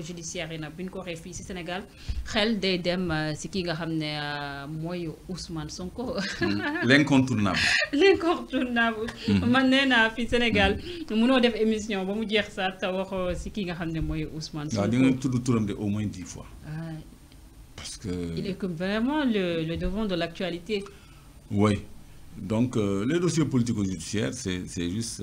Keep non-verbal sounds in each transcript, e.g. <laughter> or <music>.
judiciaire et nag ko xé fi si Sénégal xel day dem si euh, ki nga xamné euh, moy Ousmane Sonko. Hmm. l'incontournable. <laughs> l'incontournable. Hmm. man né na fi Sénégal hmm. Nous def émission ba mu jeex sa te waxoo si ki nga xamné moy Ousmane Sonko. da nga tuddu turam de au moins dix fois. Ah, parce que. il est comme vraiment le le devant de l'actualité. oui donc euh, les dossiers politico-judiciaires c'est c'est juste.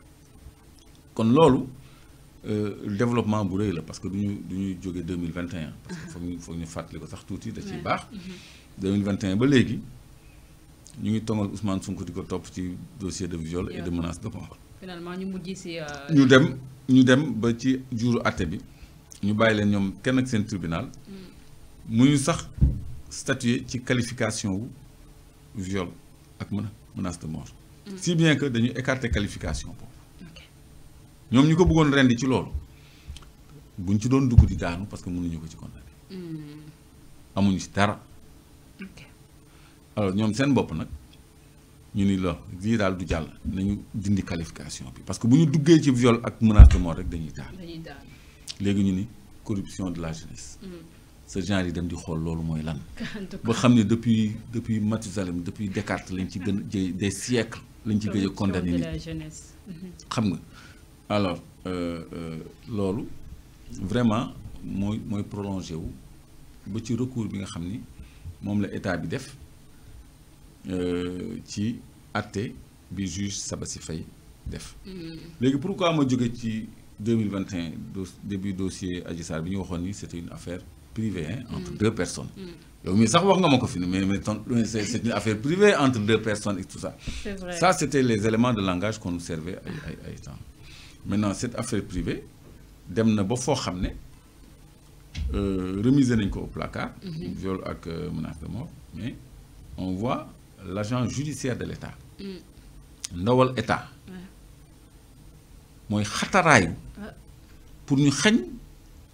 kon euh, le développement bu rëy la parce que duñu ñu du 2021 parce que foog ñu foog ko sax touti da ci bax 2021 ba légui ñu ngi tongal Ousmane Sonko di ko ci dossier de viol et de menace de mort. finalement ñu mujj si. Euh, ñu dem ñu dem ba ci juuru àtte bi ñu bàyyi len ñom kenn ak seen tribunal. muñu mm. sax statuer ci qualification wu viol ak menace de mort. Mm. si bien que dañu écarter qualification boobu. ñoom ñu ko bëggoon rendi ci loolu buñ ci doon dugg di daanu parce que mun nañu ko ci condamné. Hmm. amuñu ci dara. alors ñoom seen bopp nag ñu ni la lii du jàll nañu dindi qualification bi parce que bu ñu duggee ci viole ak menace de mort rek dañuy daal. léegi ñu ni corruption de la jeunesse. sa hmm. genre yi dem di xool loolu mooy lan. <laughs> ba xam ne depuis depuis Mathusalem depuis Descartes lañ ci gën a des siècles lañ ci gën a condamné hmm. xam nga. alors euh, euh, loolu vraiment je vais prolongé je ba ci recours bi nga xam ni la état bi def euh, ci àtte bi juge Sabassy def. pourquoi mm. pourquoi ma que ci 2021 début dossier Adji bi ñu c'était une affaire privée hein, mm. entre deux personnes. Mm. yow mi sax wax nga mako fini mais mais c'est une affaire privée entre deux personnes et tout ça. c'est vrai ça c'était les éléments de langage qu'on nous servait à ay maintenant cette affaire privée dem na ba foo xam euh, remiser nañ ko au placard. Mhm. viol ak euh, menace de mort mais on voit l'agent judiciaire de l'État état. Mm. ndawal état. mooy khataray pour ñu xagn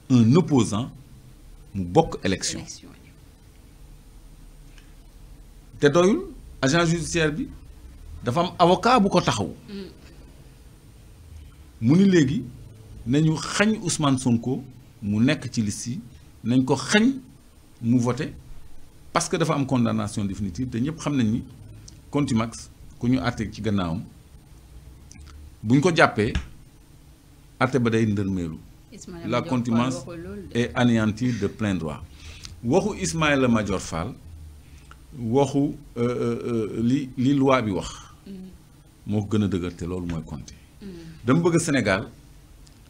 un opposant mu bokk élection. té doyul agent judiciaire bi dafa am avocat bu ko taxaw. Mm. Nous ni Ousmane Sonko mu nek ci liste nañ ko xagn mu parce que dafa am condamnation définitive te avons xam ni contumax ku ñu arté ci gannaawum buñ ko jappé ba la Contimax est anéantie de plein droit waxu Ismaël Madior Fall euh, euh, euh, li li loi bi wax mm dama le Sénégal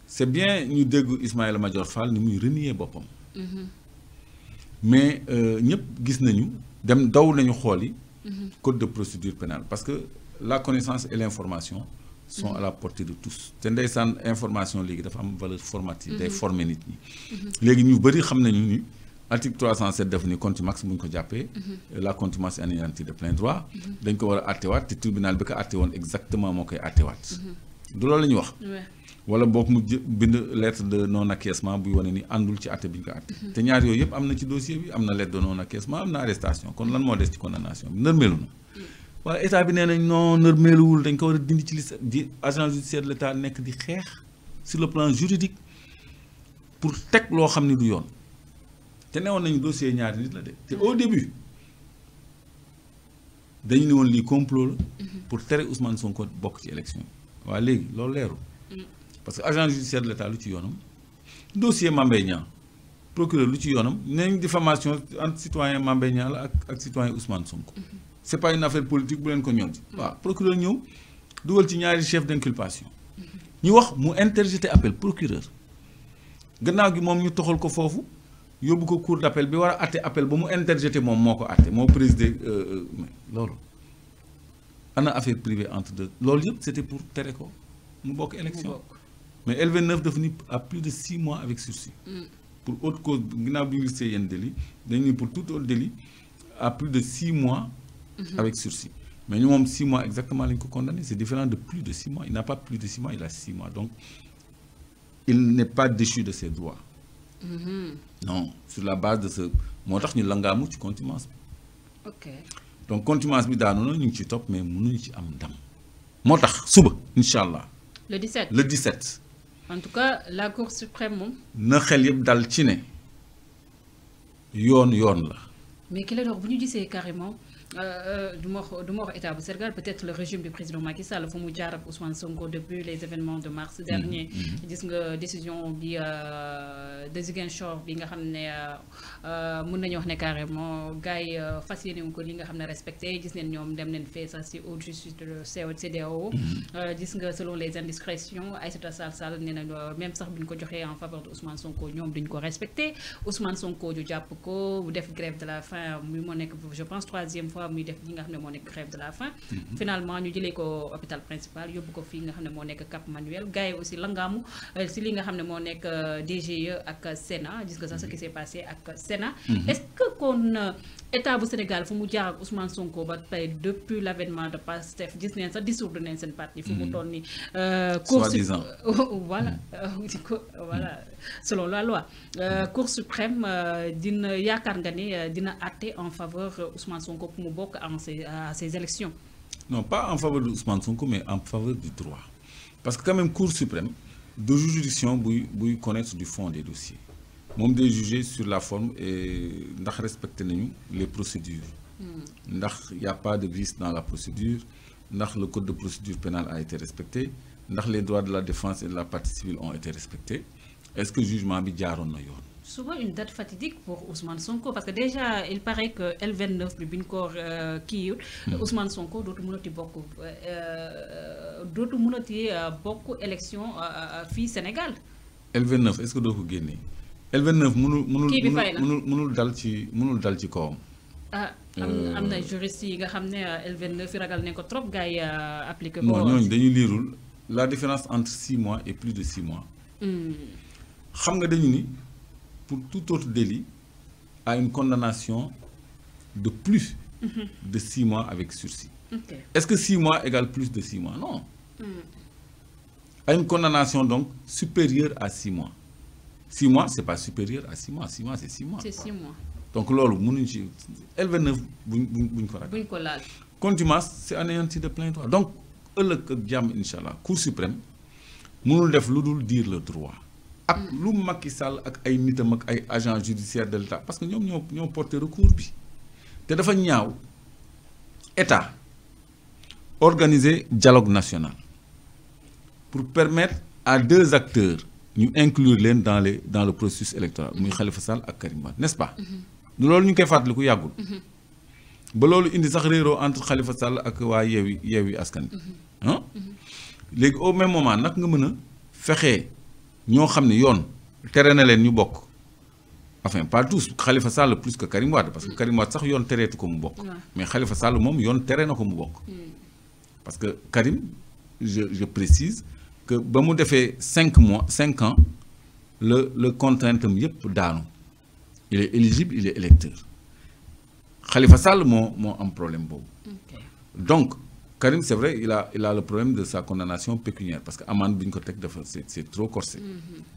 c'est bien ñu dégg Ismaël Madior Fall nous muy renier boppam. mais nous euh, gis nañu dem daw nañu le code de procédure pénale parce que la connaissance et l'information sont à la portée de tous C'est une information léegi dafa am valeur formative. des former nit ñi. léegi ñu bëri xam nañu ni article 307 def ni contumace bu ñu ko jappé la contumace anéantie de plein droit. dañ ko war a àttewaat te tribunal bi ko àttewoon exactement moo koy àttewaat du loolu la ñu wax. wala boog mu bind lettre de non acquiescement buy wane ni àndul ci atté bi nga atté. àtte. Mm-hmm. te ñaar yooyu yëpp am na ci dossier bi am na lettre de non acquiescement am na arrestation kon lan moo des ci condamnation bi nërmeelu na. Mm. waaye état bi nee nañ non nërmeeluwul dañ ko war a dindi ci liste di agent judiciaire de l' état nekk di xeex sur le plan juridique pour teg loo xam ni du yoon te newoon nañu dossier ñaari nit la de te au début dañu ne woon lii complot la mm-hmm. pour tere Ousmane Sonko bokk ci élection waa léegi loolu mm. parce que agent judiciaire de l'état lu ci yoonam dossier Mame Niang procureur lu ci yoonam nañ diffamation entre citoyen Mame Niang la ak ak citoyen Ousmane Sonko mm-hmm. c'est pas une affaire politique bu leen ko ñoom mm. waaw procureur ñëw dugal ci ñaari chef d'inculpation mm-hmm. ñu wax mu interjeter appel procureur gannaaw gi moom ñu toxal ko foofu yóbbu ko cour d'appel bi war a àtte appel ba mu interjeter moom moo ko àtte moo présidé euh, euh, loolu a affaire privée entre deux L'Olive, c'était pour tere Nous boc élection mais LV9 est à plus de six mois avec sursis mm. pour autre cause Gnabu, bi un pour tout autre délit à plus de six mois mm-hmm. avec sursis mais nous sommes six mois exactement les condamné différent de plus de six mois il n'a pas plus de six mois il a six mois donc il n'est pas déchu de ses droits mm-hmm. non sur la base de ce moo ci Ok donc contumace bi daanu ñu ci top, mais nous ci am ndam Motax, suba le 17 le 17. en tout cas la cour suprême moom. na xel yeb dal ci ne yoon yoon la. mais ki est dox bu ñu carrément. Euh, euh, du ma du ma état peut-être le régime du président Macky Sall fu mu jaar Ousmane Sonko depuis les événements de mars mm-hmm. dernier. gis mm-hmm. nga décision bi euh, de Shore bi nga xamné euh mën nañ wax né carrément gay yi ko li nga xamné ne respecté gis neen ñom dem neen fee ça ci haute justice de CEDEAO. Mm-hmm. gis nga selon les indiscrétions Aïssata Sall Sall né na même sax buñ ko joxé en faveur de Ousmane Sonko ñom duñ ko respecté Ousmane Sonko ju japp ko def grève de la faim mu mo nek je pense troisième fois muy def ñi nga xam mo nek nekk de la faim mhm. finalement ñu jëlee ko hôpital principal yóbbu ko fi nga xam mo nek Cap Manuel gars aussi langamu ci euh, li nga xam mo nek nekk euh, DGE ak Sénat gis nga sax ce qui mhm. s'est passé ak Sénat mhm. est-ce que kon euh, état bu Sénégal il faut jaar ak Ousmane Sonko ba tey depuis l'avènement de Pastef gis neen a dissoudre neen parti. il faut mm-hmm. toll nii. Euh, cour suprême <laughs> mm-hmm. <laughs> voilà. selon la loi. Euh, mm-hmm. cour suprême dina yaakaar nga ni dina atté en faveur Ousmane Sonko pour mu bokk à ces élections. non pas en faveur de Ousmane Sonko mais en faveur du droit parce que quand même cour suprême de juridiction buy buy connaître du fond des dossiers. On des jugé sur la forme et ndax respecté les procédures. Il n'y a pas de vice dans la procédure le code de procédure pénale a été respecté les droits de la défense et de la partie civile ont été respectés est-ce que le jugement a été fait souvent une date fatidique pour Ousmane Sonko parce que déjà il paraît que L29 le Bincor ko euh, hmm. Ousmane Sonko d'autres mënati beaucoup. D'autres mënati euh, beaucoup élection au euh, Sénégal. L29 est-ce que vous avez L29 mënul mënul mënul dal ci mënul dal ci kawam. ah euh, amna na juriste yi nga xamné euh, L29 ragal né ko trop gay appliquer euh, appliqué. non dañu lirul la différence entre 6 mois et plus de 6 mois. Hmm. xam nga dañu ni pour tout autre délit a une condamnation de plus. Mhm. de 6 mois avec sursis. est-ce que 6 mois égale plus de 6 mois non. a hmm. une condamnation donc supérieure à 6 mois. 6 mois, ce n'est pas supérieur à 6 mois. 6 mois, c'est 6 mois. C'est 6 mois. Donc, lolo, mouninji, LV9, bounkolal. Contumace, c'est anéanti de plein droit. Donc, le diam, Inch'Allah, Cour suprême, mounul def loudoul dire le droit. Ak mm. lou Macky Sall ak ay nitam ak ay agents judiciaires de l'État. Parce que nous avons porté recours. Te dafa ñaaw, État, organiser dialogue national pour permettre à deux acteurs nous inclure l'un dans les dans le processus électoral muy Khalifa Sall et Karim n'est-ce pas. Mm-hmm. loolu ñu ngi koy fàttaliku yàggul. Mm-hmm. ba loolu indi sax réeroo entre Khalifa Sall ak wa Yewwi Yewwi Askan Wi. Mm-hmm. Hein? léegi au même moment nous nga mën a que nous xam ne yoon tere na ñu enfin pas tous Khalifa Sall plus que Karim parce que Karim Wade sax un terrain ko mu bok. mais Khalifa Sall moom yoon est na ko mu mm. parce que Karim je je précise que ba mu defee cinq mois cinq ans le le contrainte mieux il est éligible il est électeur Khalifa Sall a un problème donc Karim c'est vrai il a il a le problème de sa condamnation pécuniaire parce que Binkotek, c'est trop corsé. Mm-hmm.